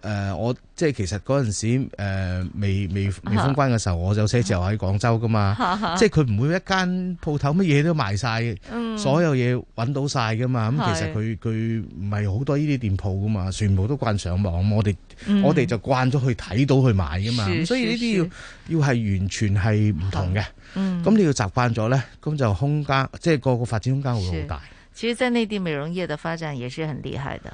[SPEAKER 10] 誒、呃，我即係其實嗰陣時誒、呃、未未未封關嘅時候，啊、我就寫字樓喺廣州噶嘛，啊啊、即係佢唔會一間鋪頭乜嘢都賣晒，嗯、所有嘢搵到晒噶嘛。咁、嗯、其實佢佢唔係好多呢啲店鋪噶嘛，全部都慣上網，我哋、嗯、我哋就慣咗去睇到去買噶嘛。所以呢啲要是是要係完全係唔同嘅。咁、嗯、你要習慣咗咧，咁就空間即係個個發展空間會好大。其實，在內
[SPEAKER 7] 地美容業的發展也是很厲害的。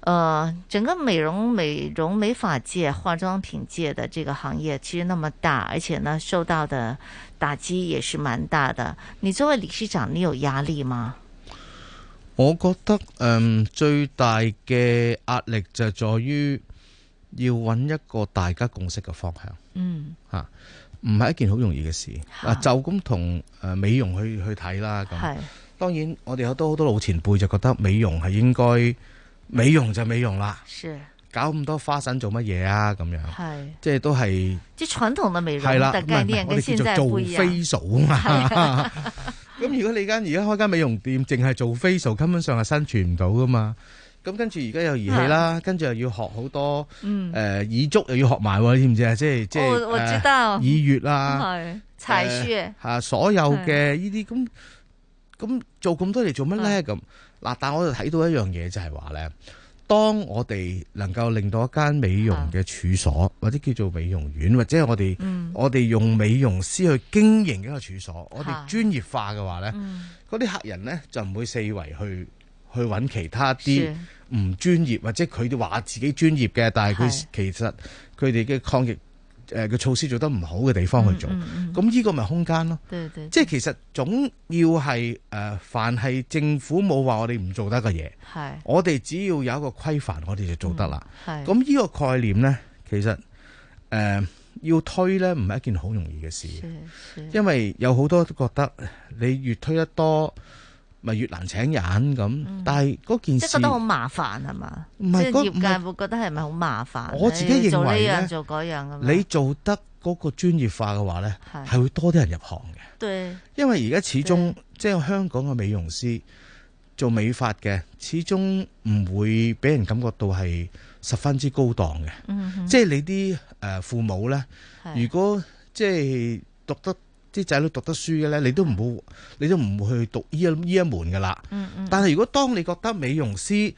[SPEAKER 7] 呃，整個美容、美容美髮界、化妝品界的這個行業其實那麼大，而且呢受到的打擊也是蠻大的。你作為理事長，你有壓力嗎？
[SPEAKER 10] 我覺得，嗯，最大嘅壓力就是在於要揾一個大家共識嘅方向。嗯，吓、啊，唔係一件好容易嘅事。啊，就咁同誒美容去去睇啦。咁，是當然我哋有都好多老前輩就覺得美容係應該。美容就美容啦，搞咁多花神做乜嘢啊？咁樣，即係都係
[SPEAKER 7] 即係傳統的美容嘅概念，跟現代不一
[SPEAKER 10] 樣嘛，咁如果你間而家開間美容店，淨係做 facial，根本上係生存唔到噶嘛。咁跟住而家有儀器啦，跟住又要學好多，誒耳足又要學埋，知唔知啊？即係即係耳穴啦、柴樹吓，所有嘅呢啲咁咁做咁多嚟做乜咧？咁嗱，但我哋睇到一樣嘢，就係話咧，當我哋能夠令到一間美容嘅處所，或者叫做美容院，或者我哋我哋用美容師去經營一個處所，我哋專業化嘅話咧，嗰啲客人咧就唔會四圍去去揾其他啲唔專業，或者佢哋話自己專業嘅，但係佢其實佢哋嘅抗疫。誒，個措施做得唔好嘅地方去做，咁呢、嗯嗯嗯、個咪空間咯。對對對，即係其實總要係誒、呃，凡係政府冇話我哋唔做得嘅嘢，是的 我哋只要有一個規範，我哋就做得啦。咁呢、嗯、個概念呢，其實誒、呃、要推呢唔係一件好容易嘅事，的的因為有好多人都覺得你越推得多。咪越難請人咁，但係嗰件事、嗯、即係覺得好麻煩係嘛？
[SPEAKER 7] 是即係業界會覺得係咪好麻
[SPEAKER 10] 煩？我自己認為咧，你做
[SPEAKER 7] 嗰樣，你
[SPEAKER 10] 做得嗰個專業化嘅話咧，係是會多啲人入行嘅。對因為而家始終對即係香港嘅美容師做美髮嘅，始終唔會俾人感覺到係十分之高檔嘅。即係你啲誒父母咧，如果即係讀得。啲仔女讀得書嘅呢，你都唔會，你都唔會去讀呢一依一呢一門嘅啦、嗯。嗯嗯。但係如果當你覺得美容師、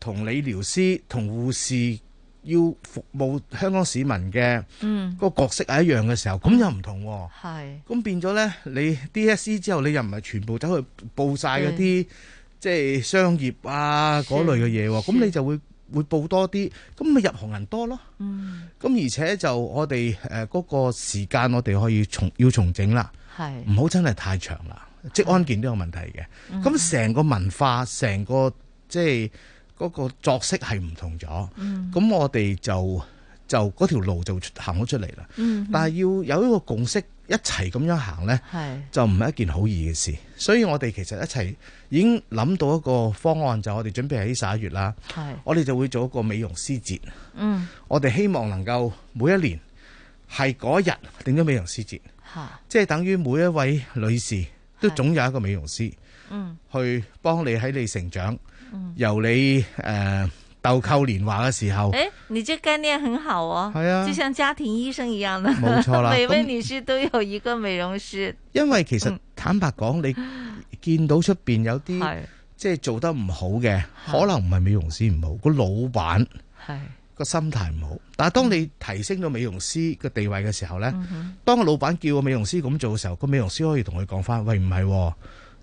[SPEAKER 10] 同理療師、同護士要服務香港市民嘅，嗯，個角色係一樣嘅時候，咁又唔同喎。係、嗯。咁變咗呢，你 d s eDSE 之後，你又唔係全部走去報晒嗰啲即係商業啊嗰是類嘅嘢喎，咁是你就會。會報多啲，咁咪入行人多咯。咁、嗯、而且就我哋嗰、呃嗰個時間，我哋可以重要重整啦。唔好是真係太長啦，職安健都有問題嘅。咁成是個文化，成個即係嗰、嗰個作息係唔同咗。咁、嗯、我哋就。就嗰條路就行咗出嚟啦，嗯、哼但係要有一個共識一齊咁樣行呢，是就唔係一件好易嘅事。所以我哋其實一齊已經諗到一個方案，就是、我哋準備喺十一月啦。是我哋就會做一個美容師節。嗯、我哋希望能夠每一年係嗰日定咗美容師節，是即係等於每一位女士都總有一個美容師、嗯、去幫你喺你成長，嗯、由你誒。呃豆蔻年華嘅時候，誒、哎，
[SPEAKER 7] 你這概念很好哦！係啊，就像家庭醫生一樣嘅，冇錯啦。 每位女士都有一個美容師，嗯、
[SPEAKER 10] 因為其實坦白講，你見到出邊有啲 即係做得唔好嘅， 可能唔係美容師唔好，個 老闆個心態唔好。但係當你提升咗美容師個地位嘅時候呢， 當個老闆叫個美容師咁做嘅時候，個美容師可以同佢講翻，喂，唔係、哦。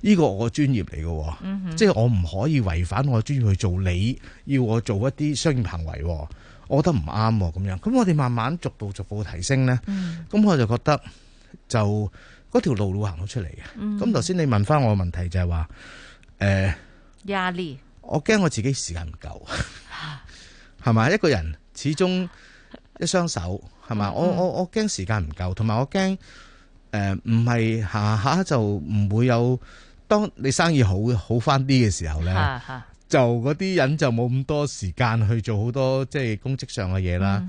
[SPEAKER 10] 呢個我嘅專業嚟嘅，嗯、哼即係我唔可以違反我專業去做你。你要我做一啲商業行為，我覺得唔啱咁樣。咁我哋慢慢逐步逐步提升呢，咁、嗯、我就覺得就嗰條路路行到出嚟嘅。咁頭先你問翻我嘅問題就係話，誒、
[SPEAKER 7] 呃，壓力 Yeah.
[SPEAKER 10] 我驚我自己時間唔夠，係咪？ 一個人始終一雙手係咪、嗯哼？我我我驚時間唔夠，同埋我驚誒唔係下下就唔會有。當你生意好好翻啲嘅時候呢，啊、就嗰啲人就冇咁多時間去做好多即係公職上嘅嘢啦。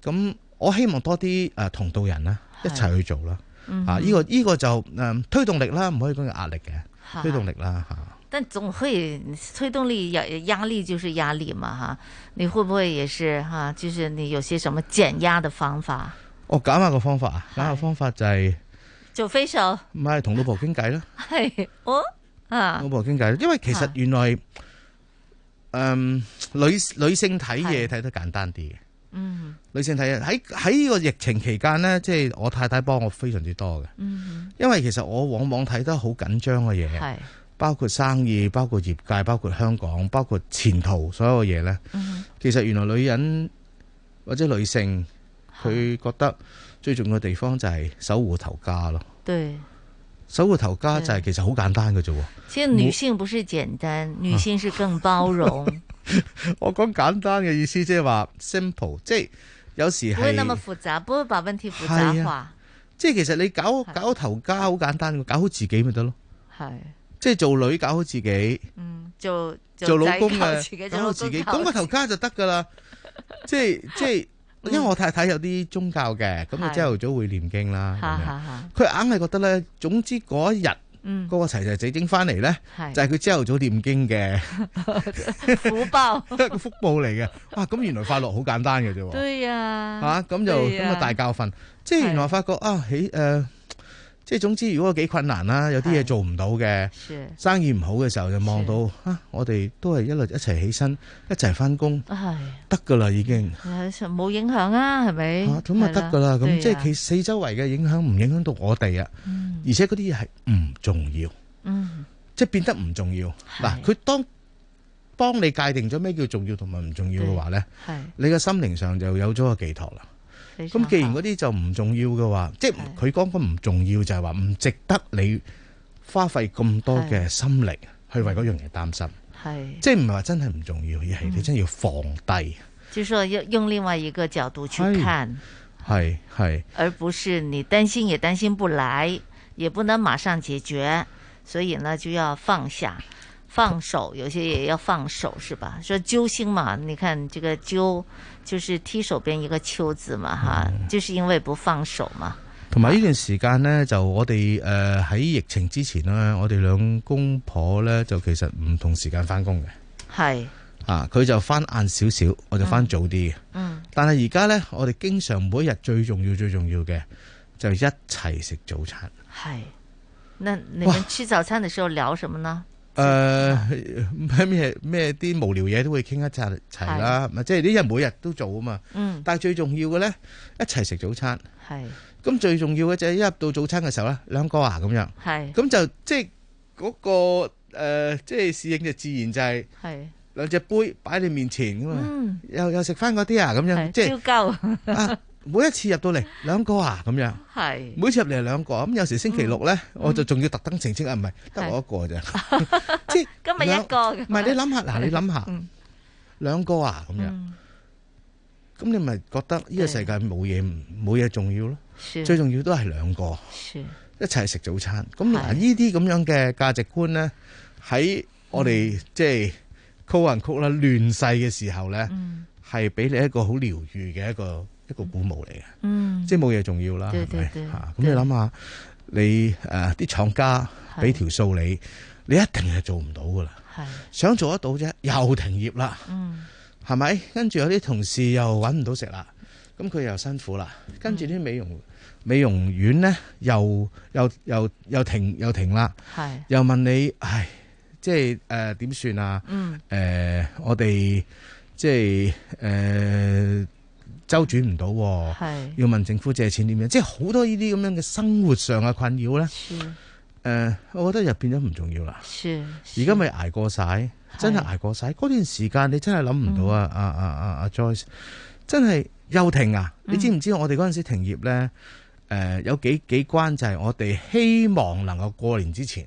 [SPEAKER 10] 咁、嗯、哼我希望多啲誒、呃、同道人啦，一齊去做啦。啊，呢、嗯哼啊呢個呢、呢個就、呃、推動力啦，唔可以講係壓力嘅推動力啦。吓、
[SPEAKER 7] 啊，但總可以推動力壓力就是壓力嘛。哈、啊，你會唔會也是哈、啊？就是你有些什麼減壓的方法？
[SPEAKER 10] 我減壓嘅方法啊，減壓方法就係、是。
[SPEAKER 7] 做 facial
[SPEAKER 10] 唔係同老婆傾偈啦，
[SPEAKER 7] 係我啊
[SPEAKER 10] 老婆傾偈，因為其實原來誒的、呃、女女性睇嘢睇得簡單啲嘅，的女性睇嘢喺喺呢個疫情期間咧，即、就、係、是、我太太幫我非常之多嘅，的因為其實我往往睇得好緊張嘅嘢，的包括生意、包括業界、包括香港、包括前途所有嘅嘢咧，的其實原來女人或者女性佢覺得。最重要嘅地方就係守護頭家咯。對，守護頭家就係其實好簡單嘅啫。其實女性
[SPEAKER 7] 不是簡單，女性是更包容。
[SPEAKER 10] 我講簡單嘅意思，即係話 simple，即係有時不會那麼
[SPEAKER 7] 複雜，不會把問題複雜化。
[SPEAKER 10] 即係其實你搞搞好頭家好簡單，搞好自己咪得咯。
[SPEAKER 7] 係，
[SPEAKER 10] 即係做女搞好自己，
[SPEAKER 7] 嗯，做做老公啊，搞好自己，搞好頭家
[SPEAKER 10] 就得噶啦。即係即係。因為我太太有啲宗教嘅，咁佢朝頭早會念經啦。佢硬係覺得咧，總之嗰一日嗰個齊齊整整翻嚟咧，就係佢朝頭早念經嘅福報，個福報嚟嘅。啊，咁原來快樂好簡單嘅啫。
[SPEAKER 12] 吓，咁就咁啊大教
[SPEAKER 10] 訓，即係原來發覺啊，起誒。即係總之，如果幾困難啦，有啲嘢做唔到嘅，的生意唔好嘅時候就，就望到吓，我哋都係一路一齊起身，一齊返工，得噶啦已經，
[SPEAKER 7] 冇影響啊，係咪？咁啊得噶啦，咁的即係其
[SPEAKER 10] 四周圍嘅影響唔影響到我哋啊？是的而且嗰啲嘢係唔重要，
[SPEAKER 7] 嗯、
[SPEAKER 10] 即係變得唔重要。嗱的，佢、啊、當幫你界定咗咩叫重要同埋唔重要嘅話呢，的的你嘅心靈上就有咗個寄託啦。咁既然嗰啲就唔重要嘅話，的即係佢講緊唔重要就係話唔值得你花費咁多嘅心力去為嗰樣嘢擔心，係的即係唔係話真係唔重要，的而係你真係要放低，嗯。
[SPEAKER 7] 就說要用另外一個角度去看，
[SPEAKER 10] 係係，
[SPEAKER 7] 而不是你擔心也擔心不來，也不能馬上解決，所以呢就要放下。放手，有些也要放手，是吧？所以揪心嘛，你看這個揪，就是踢手邊一個秋字嘛，哈、嗯啊，就是因為不放手嘛。
[SPEAKER 10] 同埋呢段時間呢，就我哋誒喺疫情之前呢，我哋兩公婆呢，就其實唔同時間翻工嘅。係是啊，佢就翻晏少少，我就翻早啲嗯。但係而家呢，我哋經常每一日最重要最重要嘅就一齊食早餐。
[SPEAKER 14] 係，
[SPEAKER 7] 那你們吃早餐的時候聊什麼呢？
[SPEAKER 10] 誒，咩咩啲無聊嘢都會傾一齊啦，咪即係呢日每日都做啊嘛。嗯。但係最重要嘅咧，一齊食早餐。係是。咁最重要嘅就係一入到早餐嘅時候咧，兩個啊咁樣。係是。咁就即係嗰個誒，即係侍應就是、自然就係。係。兩隻杯擺你面前噶嘛。又又食翻嗰啲啊咁樣，即係。超每一次入到嚟兩個啊咁樣，每次入嚟兩個咁，有時星期六咧，我就仲要特登澄清啊，唔係得我一個啫，即係今日一個，唔係你諗下嗱，你諗下兩個啊咁樣，咁你咪覺得呢個世界冇嘢冇嘢重要咯，最重要都係兩個一齊食早餐。咁嗱，呢啲咁樣嘅價值觀咧，喺我哋即係曲雲曲啦亂世嘅時候咧，係俾你一個好療愈嘅一個。一個鼓舞嚟嘅，即係冇嘢重要啦，係咪吓？咁你諗下，你誒啲廠家俾條數你，你一定係做唔到噶啦。係想做得到啫，又停業啦，係咪？跟住有啲同事又搵唔到食啦，咁佢又辛苦啦。跟住啲美容美容院咧，又又又又停又停啦，係又問你，唉，即係誒點算啊？嗯，誒，我哋即係誒。周轉唔到，要問政府借錢點樣？即係好多呢啲咁樣嘅生活上嘅困擾咧。誒，我覺得又變咗唔重要啦。而家咪挨過晒，真係挨過晒。嗰段時間你真係諗唔到啊！啊啊啊阿 Joyce，真係又停啊！你知唔知我哋嗰陣時停業咧？誒，有幾幾關就係我哋希望能夠過年之前，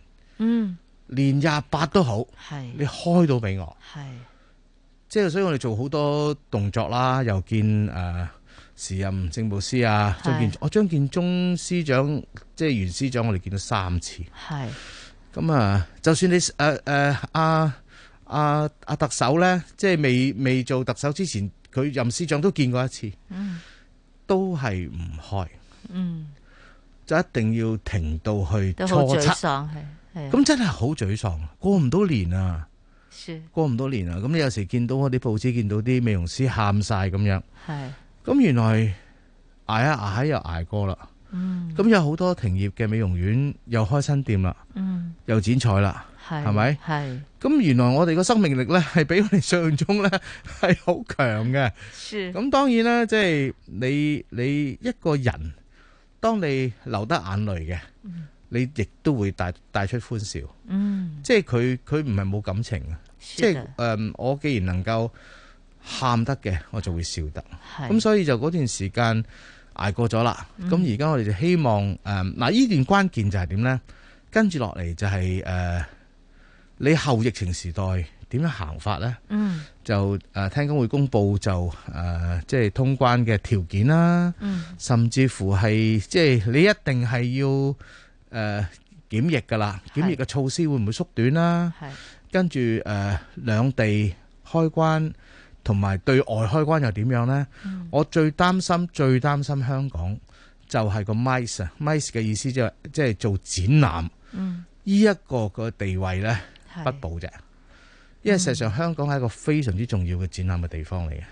[SPEAKER 10] 年廿八都好，你開到俾我。即係所以我哋做好多動作啦，又見誒時任政務司啊張是建，我張建宗司長即係原司長，我哋見咗三次。係咁啊，就算你誒誒阿阿阿特首咧，即係未未做特首之前，佢任司長都見過一次，嗯，都係唔開，嗯，就一定要停到去摩擦，
[SPEAKER 7] 咁真係
[SPEAKER 10] 好沮喪，過唔到年啊。是過咁多年啦，咁你有時見到我啲報紙見到啲美容師喊晒咁樣，係是，咁原來挨一挨又挨過啦，嗯，咁有好多停業嘅美容院又開新店啦，嗯，又剪彩啦，係咪是？係吧，咁原來我哋個生命力咧係比我哋想象中咧係好強嘅，咁是當然啦，即係你你一個人，當你流得眼淚嘅。嗯你亦都會帶帶出歡笑，嗯，即係，佢佢唔係冇感情嘅，是的即係誒、um, 我既然能夠喊得嘅，我就會笑得，咁是所以就嗰段時間捱過咗啦。咁而家我哋就希望誒嗱，呢、嗯、段關鍵就係點呢？跟住落嚟就係、是、誒、呃、你後疫情時代點樣行法呢？嗯，就誒、呃、聽講會公布就誒、呃、即係通關嘅條件啦，嗯、甚至乎係即係你一定係要。誒，檢、呃、疫噶啦，檢是疫嘅措施會唔會縮短啦？係是跟住誒，兩、呃、地開關同埋對外開關又點樣咧？嗯、我最擔心、最擔心香港就係個 MICE 啊，MICE 嘅意思即係即係做展覽。嗯，
[SPEAKER 11] 呢
[SPEAKER 10] 一個個地位咧不保啫，是因為事實上香港係一個非常之重要嘅展覽嘅地方嚟嘅，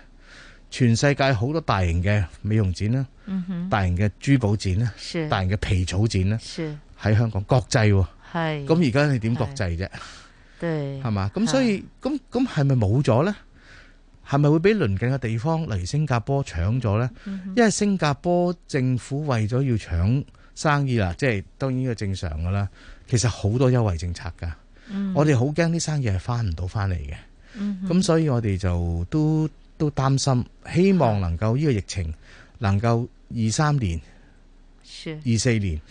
[SPEAKER 10] 全世界好多大型嘅美容展啦，大型嘅珠寶展啦，嗯、哼大型嘅是皮草展啦。喺香港國際，
[SPEAKER 7] 咁而
[SPEAKER 10] 家你點國際啫？
[SPEAKER 7] 係
[SPEAKER 10] 嘛？咁所以咁咁係咪冇咗呢？係咪是會俾鄰近嘅地方，例如新加坡搶咗呢？嗯、哼因為新加坡政府為咗要搶生意啦，即、就、係、是、當然呢個正常噶啦。其實好多優惠政策噶，嗯、哼我哋好驚啲生意係翻唔到翻嚟嘅。咁、嗯、哼所以我哋就都都擔心，希望能夠呢個疫情是能夠二三年、
[SPEAKER 11] 二
[SPEAKER 10] 四年。是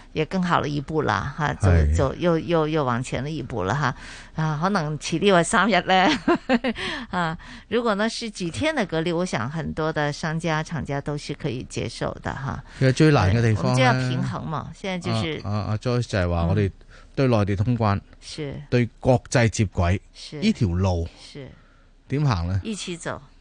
[SPEAKER 7] 也更好了一步啦，吓、啊，就就又又又往前了一步啦，吓，啊，可能遲啲話三日咧，啊，如果呢是幾天的隔離，我想很多的商家、廠家都是可以接受的，哈、
[SPEAKER 10] 啊。其實最難嘅地方咧，我們就要平衡
[SPEAKER 7] 嘛，現在就是啊
[SPEAKER 10] 啊，啊 Joyce、就係話我哋對內地通關，是、嗯、對國際接軌，呢是條路點行呢？一
[SPEAKER 7] 起走。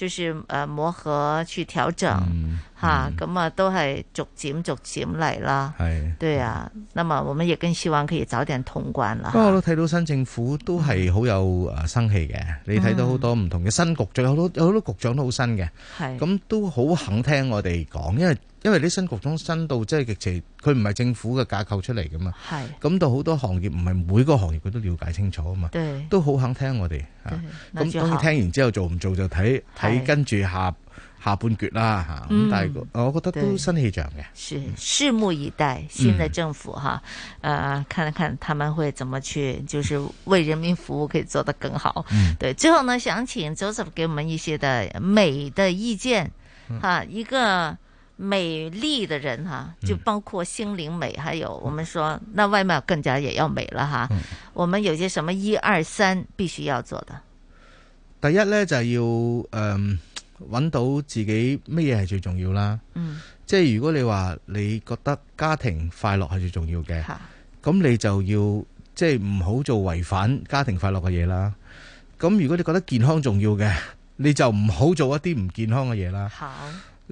[SPEAKER 7] 就是誒磨合去調整吓，咁、嗯嗯、啊都係逐漸逐漸嚟啦。係是，對啊。那麼我們也更希望可以早點通關
[SPEAKER 10] 啦。不過我都睇到新政府都係好有誒生氣嘅。嗯、你睇到好多唔同嘅新局長，有好多好多局長都好新嘅。
[SPEAKER 11] 係是。咁
[SPEAKER 10] 都好肯聽我哋講，因為因為啲新局長新到即係極其佢唔係政府嘅架構出嚟噶嘛。係是。咁到好多行業唔係每個行業佢都了解清楚啊嘛。對。都好肯聽我哋。咁當然，對，聽完之後做唔做就睇睇跟住下下半決啦嚇，咁、嗯、但係我覺得都新氣象嘅，是
[SPEAKER 7] 拭目以待、嗯、新的政府哈，誒、呃，看看他們會怎麼去，就是為人民服務可以做得更好。嗯、對，最後呢，想請周總給我們一些的美的意見，哈，一個。美麗的人哈、啊，就包括心靈美，嗯、還有我們說，那外貌更加也要美了哈、啊。嗯、我們有些什麼一二三必須要做的。
[SPEAKER 10] 第一呢，就是、要誒，搵，嗯、到自己乜嘢係最重要啦。嗯、即係如果你話你覺得家庭快樂係最重要嘅，咁好你就要即係唔好做違反家庭快樂嘅嘢啦。咁如果你覺得健康重要嘅，你就唔好做一啲唔健康嘅嘢啦。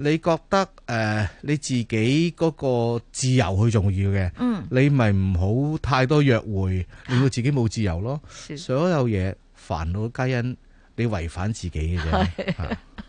[SPEAKER 10] 你覺得誒、呃、你自己嗰個自由係重要嘅，嗯、你咪唔好太多約會，令到自己冇自由咯。啊、所有嘢煩惱皆因你違反自己嘅啫。是啊